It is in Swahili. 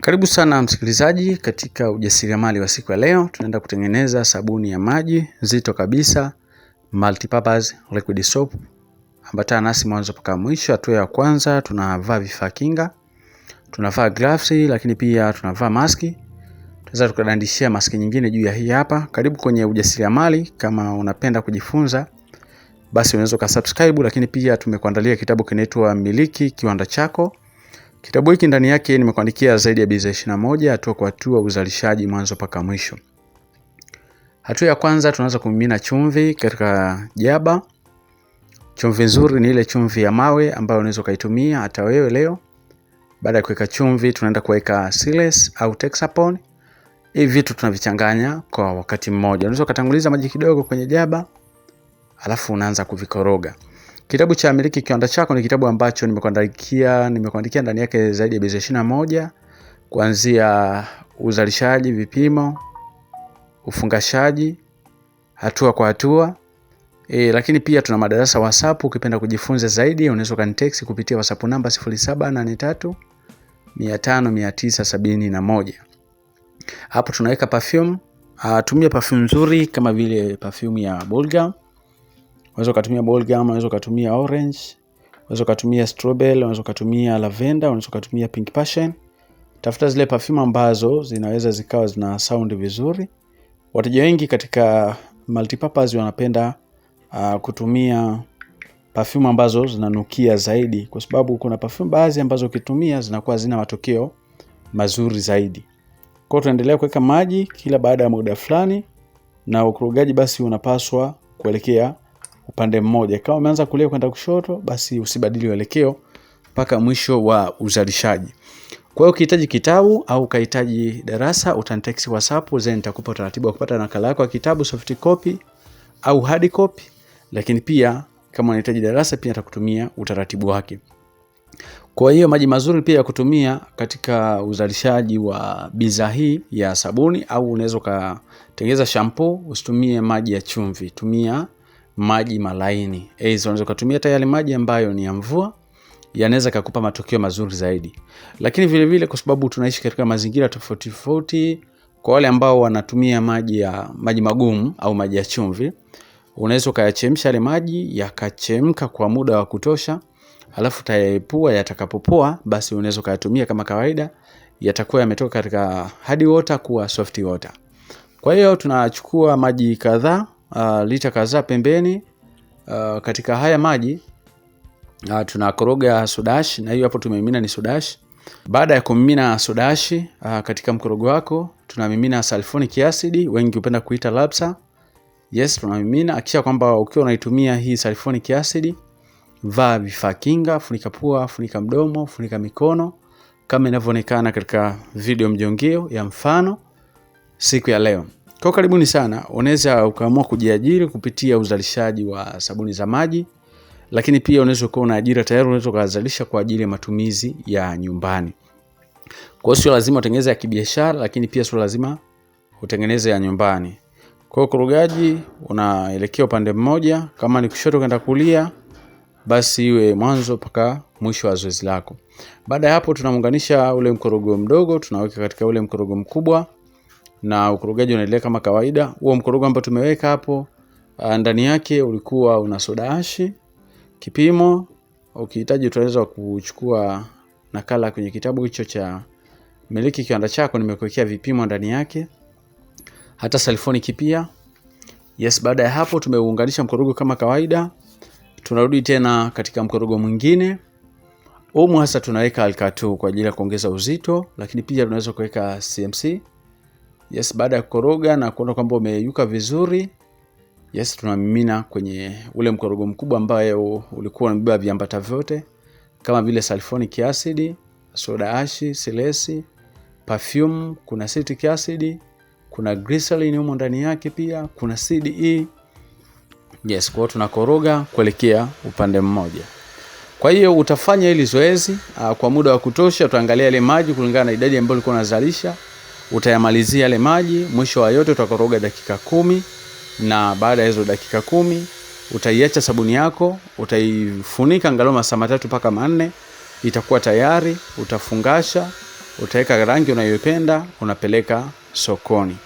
Karibu sana msikilizaji katika ujasiriamali wa siku ya leo. Tunaenda kutengeneza sabuni ya maji nzito kabisa multipurpose liquid soap. Ambatana nasi mwanzo mpaka mwisho. Hatua ya kwanza, tunavaa vifaa kinga, tunavaa gloves, lakini pia tunavaa maski. Tunaweza tukadandishia maski nyingine juu ya hii hapa. Karibu kwenye ujasiriamali. Kama unapenda kujifunza, basi unaweza ukasubscribe, lakini pia tumekuandalia kitabu kinaitwa Miliki Kiwanda Chako. Kitabu hiki ndani yake nimekuandikia zaidi ya bidhaa 21 hatua kwa hatua uzalishaji mwanzo mpaka mwisho. Hatua ya kwanza tunaanza kumimina chumvi katika jaba. Chumvi nzuri ni ile chumvi ya mawe ambayo unaweza ukaitumia hata wewe leo. Baada ya kuweka chumvi, tunaenda kuweka siles au texapon. Hivi vitu tunavichanganya kwa wakati mmoja. Unaweza ukatanguliza maji kidogo kwenye jaba, alafu unaanza kuvikoroga. Kitabu cha Miliki Kiwanda Chako ni kitabu ambacho nimekuandikia nimekuandikia ndani yake zaidi ya bezi ishirini moja kuanzia uzalishaji, vipimo, ufungashaji hatua kwa hatua e, lakini pia tuna madarasa WhatsApp. Ukipenda kujifunza zaidi, unaweza ukanitext kupitia WhatsApp namba 0783 50971. Hapo tunaweka perfume. Ah, tumia perfume nzuri kama vile perfume ya Bulga. Unaweza ukatumia Bolgam, unaweza ukatumia orange, unaweza ukatumia strawberry, unaweza ukatumia lavender, unaweza ukatumia pink passion. Tafuta zile perfume ambazo zinaweza zikawa zina sound vizuri. Wateja wengi katika multipurpose wanapenda uh, kutumia perfume ambazo zinanukia zaidi, kwa sababu kuna perfume baadhi ambazo ukitumia zinakuwa zina matokeo mazuri zaidi. Kwa hiyo tunaendelea kuweka maji kila baada ya muda fulani, na ukurugaji basi unapaswa kuelekea upande mmoja. Kama umeanza kulia kwenda kushoto, basi usibadili uelekeo mpaka mwisho wa uzalishaji. Kwa hiyo ukihitaji kitabu au ukahitaji darasa, utanitext WhatsApp, then nitakupa utaratibu wa kupata nakala yako ya kitabu soft copy au hard copy, lakini pia kama unahitaji darasa pia nitakutumia utaratibu wake. Kwa hiyo maji mazuri pia ya kutumia katika uzalishaji wa bidhaa hii ya sabuni, au unaweza ukatengeneza shampoo, usitumie maji ya chumvi, tumia maji malaini. Aidha, eh, unaweza kutumia tayari maji ambayo ni ya mvua yanaweza kukupa matokeo mazuri zaidi. Lakini vile vile kwa sababu tunaishi katika mazingira tofauti tofauti, kwa wale ambao wanatumia maji ya maji magumu au maji ya chumvi, unaweza ukayachemsha yale maji yakachemka kwa muda wa kutosha, alafu tayaepua. Yatakapopoa basi unaweza ukayatumia kama kawaida, yatakuwa yametoka katika hard water kuwa soft water. Kwa hiyo tunachukua maji kadhaa uh, ah, lita kadhaa pembeni. Uh, katika haya maji uh, tunakoroga sodashi na hiyo hapo tumemimina ni sodashi. Baada ya kumimina sodashi uh, katika mkorogo wako tunamimina sulfonic acid, wengi hupenda kuita labsa. Yes, tunamimina. Hakikisha kwamba ukiwa unaitumia hii sulfonic acid, vaa vifaa kinga, funika pua, funika mdomo, funika mikono kama inavyoonekana katika video mjongeo ya mfano siku ya leo. Kwa karibuni sana, unaweza ukaamua kujiajiri kupitia uzalishaji wa sabuni za maji, lakini pia unaweza ukawa na ajira tayari, unaweza ukazalisha kwa ajili ya matumizi ya nyumbani. Kwa hiyo sio lazima utengeneze ya kibiashara, lakini pia sio lazima utengeneze ya nyumbani. Kwa hiyo kurugaji unaelekea upande mmoja, kama ni kushoto kwenda kulia, basi iwe mwanzo mpaka mwisho wa zoezi lako. Baada ya hapo, tunamuunganisha ule mkorogo mdogo, tunaweka katika ule mkorogo mkubwa na ukorogaji unaendelea kama kawaida. Huo mkorogo ambao tumeweka hapo ah, ndani yake ulikuwa una soda ashi kipimo. Ukihitaji utaweza kuchukua nakala kwenye kitabu hicho cha Miliki Kiwanda Chako, nimekuwekea vipimo ndani yake, hata salfoniki pia. Yes, baada ya hapo tumeunganisha mkorogo kama kawaida. Tunarudi tena katika mkorogo mwingine. Umu hasa tunaweka alkatu kwa ajili ya kuongeza uzito, lakini pia tunaweza kuweka CMC Yes, baada ya kukoroga na kuona kwamba umeyuka vizuri, yes, tunamimina kwenye ule mkorogo mkubwa ambao ulikuwa unabeba viambata vyote kama vile sulfonic acid, soda ash, silesi, perfume, kuna citric acid, kuna glycerin humo ndani yake pia, kuna CDE. Yes, kwao tunakoroga kuelekea upande mmoja. Kwa hiyo utafanya hili zoezi ah, kwa muda wa kutosha, utaangalia ile maji kulingana na idadi ambayo ulikuwa unazalisha utayamalizia yale maji. Mwisho wa yote utakoroga dakika kumi, na baada ya hizo dakika kumi utaiacha sabuni yako, utaifunika angalau masaa matatu mpaka manne, itakuwa tayari. Utafungasha, utaweka rangi unayoipenda, unapeleka sokoni.